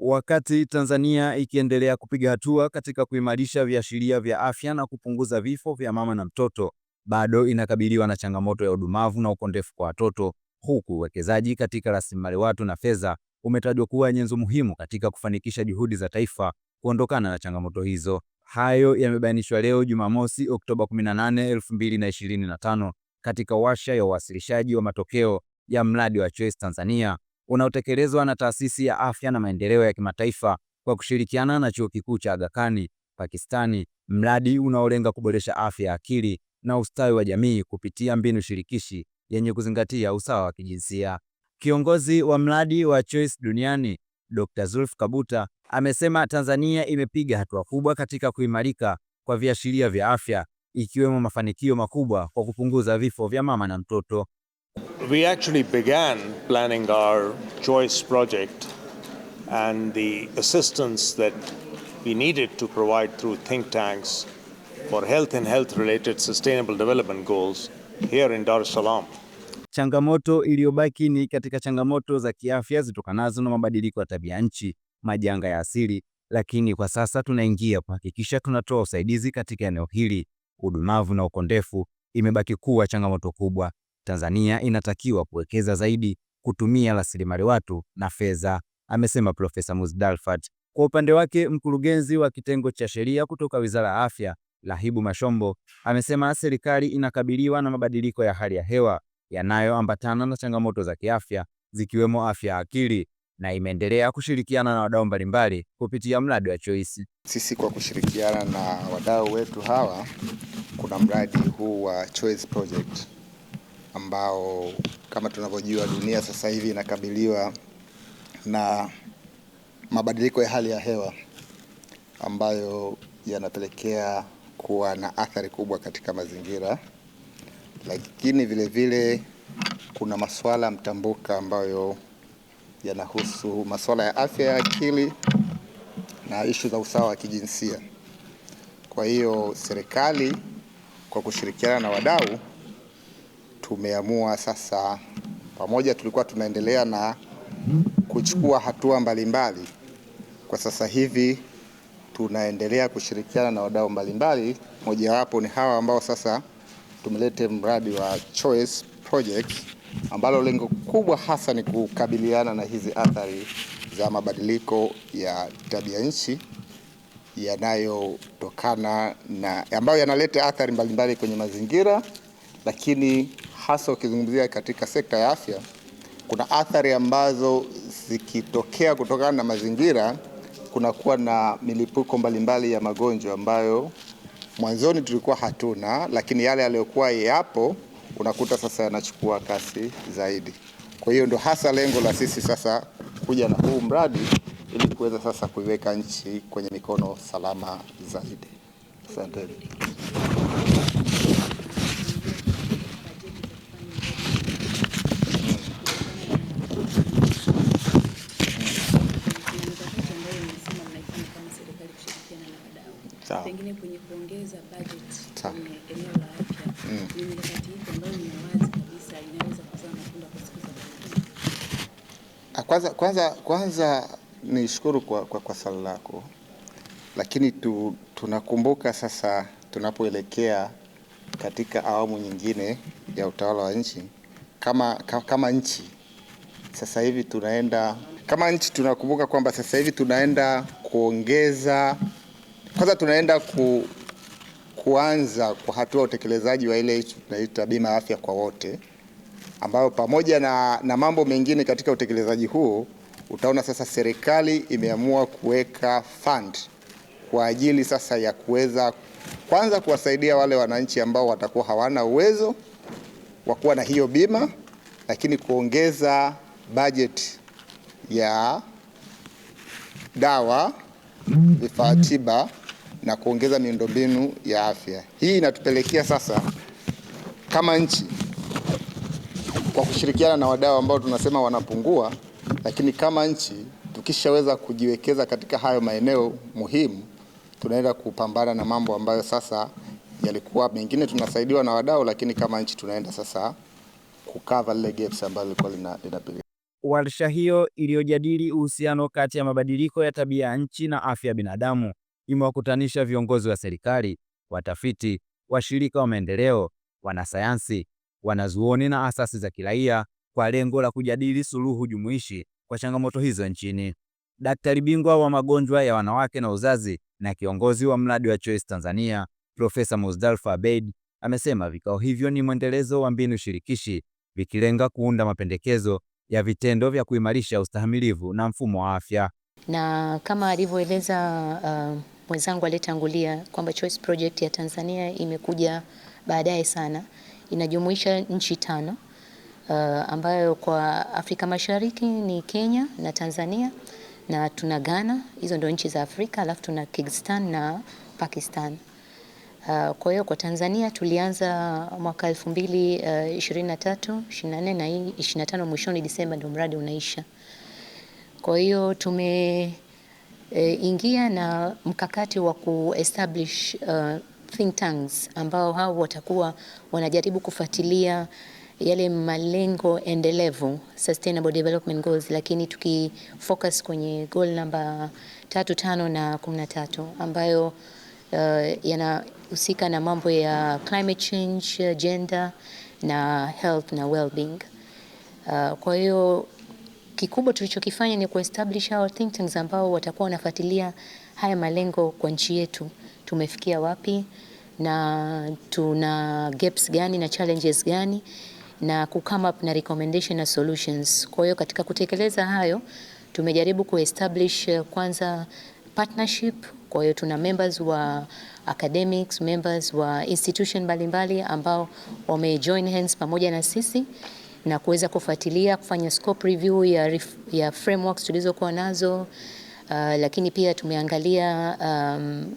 Wakati Tanzania ikiendelea kupiga hatua katika kuimarisha viashiria vya afya na kupunguza vifo vya mama na mtoto, bado inakabiliwa na changamoto ya udumavu na ukondefu kwa watoto, huku uwekezaji katika rasilimali watu na fedha umetajwa kuwa nyenzo muhimu katika kufanikisha juhudi za taifa kuondokana na changamoto hizo. Hayo yamebainishwa leo Jumamosi, Oktoba 18, 2025 katika warsha ya uwasilishaji wa matokeo ya mradi wa Choice Tanzania unaotekelezwa na Taasisi ya Afya na Maendeleo ya Kimataifa kwa kushirikiana na Chuo Kikuu cha Aga Khan Pakistani, mradi unaolenga kuboresha afya ya akili na ustawi wa jamii kupitia mbinu shirikishi yenye kuzingatia usawa wa kijinsia. Kiongozi wa mradi wa Choice duniani Dr. Zulf Kabuta amesema Tanzania imepiga hatua kubwa katika kuimarika kwa viashiria vya afya ikiwemo mafanikio makubwa kwa kupunguza vifo vya mama na mtoto we actually began planning our choice project and the assistance that we needed to provide through think tanks for health and health related sustainable development goals here in Dar es Salaam. Changamoto iliyobaki ni katika changamoto za kiafya zitokanazo na mabadiliko ya tabia nchi, majanga ya asili, lakini kwa sasa tunaingia kuhakikisha tunatoa usaidizi katika eneo hili. Udumavu na ukondefu imebaki kuwa changamoto kubwa Tanzania inatakiwa kuwekeza zaidi kutumia rasilimali watu na fedha, amesema Profesa Musdalfat. Kwa upande wake, mkurugenzi wa kitengo cha sheria kutoka Wizara ya Afya, Rahibu Mashombo, amesema serikali inakabiliwa na mabadiliko ya hali ya hewa yanayoambatana na changamoto za kiafya zikiwemo afya ya akili na imeendelea kushirikiana na wadau mbalimbali kupitia mradi wa Choice. Sisi kwa kushirikiana na wadau wetu hawa kuna mradi huu wa Choice Project ambao kama tunavyojua dunia sasa hivi inakabiliwa na mabadiliko ya hali ya hewa ambayo yanapelekea kuwa na athari kubwa katika mazingira, lakini vile vile kuna masuala mtambuka ambayo yanahusu masuala ya afya ya akili na ishu za usawa wa kijinsia. Kwa hiyo serikali kwa kushirikiana na wadau tumeamua sasa, pamoja tulikuwa tunaendelea na kuchukua hatua mbalimbali mbali. Kwa sasa hivi tunaendelea kushirikiana na wadau mbalimbali, mojawapo ni hawa ambao sasa tumelete mradi wa Choice Project ambalo lengo kubwa hasa ni kukabiliana na hizi athari za mabadiliko ya tabia nchi yanayotokana na ambayo yanaleta athari mbalimbali kwenye mazingira, lakini hasa ukizungumzia katika sekta ya afya, kuna athari ambazo zikitokea kutokana na mazingira, kunakuwa na milipuko mbalimbali ya magonjwa ambayo mwanzoni tulikuwa hatuna, lakini yale yaliyokuwa yapo unakuta sasa yanachukua kasi zaidi. Kwa hiyo ndo hasa lengo la sisi sasa kuja na huu mradi ili kuweza sasa kuiweka nchi kwenye mikono salama zaidi. Asanteni. pengine kwenye kuongeza budget kwenye eneo la afya mm. ni mikakati ipi ambayo ni wazi kabisa inaweza kuzaa matunda kwa siku za baadaye? Ah, kwanza kwanza kwanza nishukuru kwa, kwa, kwa swali lako, lakini tu, tunakumbuka sasa tunapoelekea katika awamu nyingine ya utawala wa nchi kama, ka, kama nchi sasa hivi tunaenda kama nchi tunakumbuka kwamba sasa hivi tunaenda kuongeza kwanza tunaenda ku, kuanza kwa hatua utekelezaji wa ile tunaita bima afya kwa wote, ambayo pamoja na, na mambo mengine katika utekelezaji huo utaona sasa serikali imeamua kuweka fund kwa ajili sasa ya kuweza kwanza kuwasaidia wale wananchi ambao watakuwa hawana uwezo wa kuwa na hiyo bima, lakini kuongeza bajeti ya dawa, vifaa tiba na kuongeza miundombinu ya afya. Hii inatupelekea sasa kama nchi kwa kushirikiana na wadau ambao tunasema wanapungua, lakini kama nchi tukishaweza kujiwekeza katika hayo maeneo muhimu, tunaenda kupambana na mambo ambayo sasa yalikuwa mengine tunasaidiwa na wadau, lakini kama nchi tunaenda sasa kukava lile gaps ambalo lilikuwa linapiga. Warsha hiyo iliyojadili uhusiano kati ya mabadiliko ya tabia ya nchi na afya ya binadamu imewakutanisha viongozi wa serikali, watafiti, washirika wa maendeleo, wanasayansi, wanazuoni na asasi za kiraia kwa lengo la kujadili suluhu jumuishi kwa changamoto hizo nchini. Daktari bingwa wa magonjwa ya wanawake na uzazi na kiongozi wa mradi wa Choice Tanzania, Profesa Muzdalfa Abeid amesema vikao hivyo ni mwendelezo wa mbinu shirikishi vikilenga kuunda mapendekezo ya vitendo vya kuimarisha ustahimilivu na mfumo wa afya na kama alivyoeleza uh mwenzangu aliyetangulia kwamba Choice Project ya Tanzania imekuja baadaye sana, inajumuisha nchi tano uh, ambayo kwa Afrika Mashariki ni Kenya na Tanzania na tuna Ghana, hizo ndio nchi za Afrika, alafu tuna Kyrgyzstan na Pakistan. Uh, kwa hiyo kwa Tanzania tulianza mwaka 2023, uh, 24 na 25 mwishoni Disemba ndio mradi unaisha. Kwa hiyo tume e, ingia na mkakati wa kuestablish uh, think tanks ambao hao watakuwa wanajaribu kufuatilia yale malengo endelevu sustainable development goals, lakini tukifocus kwenye goal namba tatu tano na kumi na tatu ambayo uh, yanahusika na mambo ya climate change, gender na health na well-being uh, kwa hiyo kikubwa tulichokifanya ni kuestablish our think tanks ambao watakuwa wanafuatilia haya malengo kwa nchi yetu, tumefikia wapi na tuna gaps gani na challenges gani, na come up na recommendation na solutions. Kwa hiyo katika kutekeleza hayo tumejaribu kuestablish eh, kwanza partnership. Kwa hiyo tuna members wa academics, members wa institution mbalimbali ambao wamejoin hands pamoja na sisi na kuweza kufuatilia kufanya scope review ya, ya frameworks tulizokuwa nazo uh, lakini pia tumeangalia um,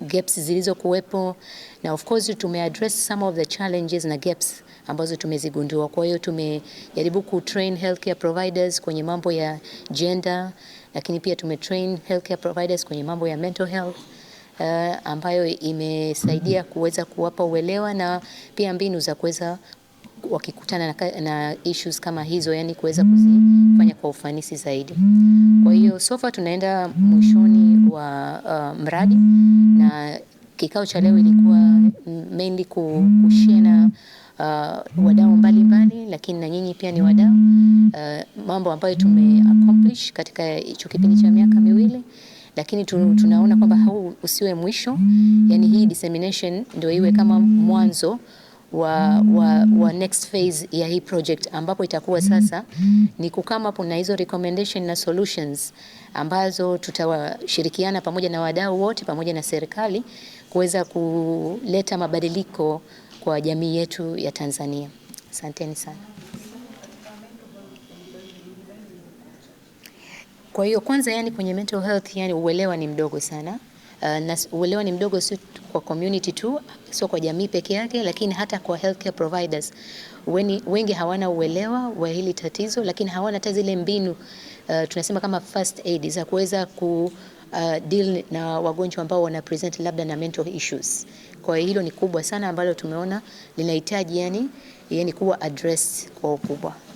gaps zilizokuwepo na of course tumeaddress some of the challenges na gaps ambazo tumezigundua. Kwa hiyo tumejaribu kutrain healthcare providers kwenye mambo ya gender, lakini pia tumetrain healthcare providers kwenye mambo ya mental health uh, ambayo imesaidia kuweza kuwapa uelewa na pia mbinu za kuweza wakikutana na, na issues kama hizo, yani kuweza kuzifanya kwa ufanisi zaidi. Kwa hiyo sofa tunaenda mwishoni wa uh, mradi na kikao cha leo ilikuwa mainly kushare na uh, wadau mbalimbali, lakini na nyinyi pia ni wadau uh, mambo ambayo tume accomplish katika hicho kipindi cha miaka miwili lakini tunaona kwamba huu usiwe mwisho, yani hii dissemination ndio iwe kama mwanzo wa, wa, wa next phase ya hii project ambapo itakuwa sasa ni kukama kuna hizo recommendation na solutions ambazo tutawashirikiana pamoja na wadau wote pamoja na serikali kuweza kuleta mabadiliko kwa jamii yetu ya Tanzania. Asanteni sana. Kwa hiyo kwanza, yani kwenye mental health, yani uelewa ni mdogo sana. Uh, na uelewa ni mdogo, sio kwa community tu, sio kwa jamii peke yake, lakini hata kwa healthcare providers Weni, wengi hawana uelewa wa hili tatizo, lakini hawana hata zile mbinu uh, tunasema kama first aid za kuweza ku Uh, deal na wagonjwa ambao wana present labda na mental issues. Kwa hiyo hilo ni kubwa sana ambalo tumeona linahitaji yani yani kuwa addressed kwa ukubwa.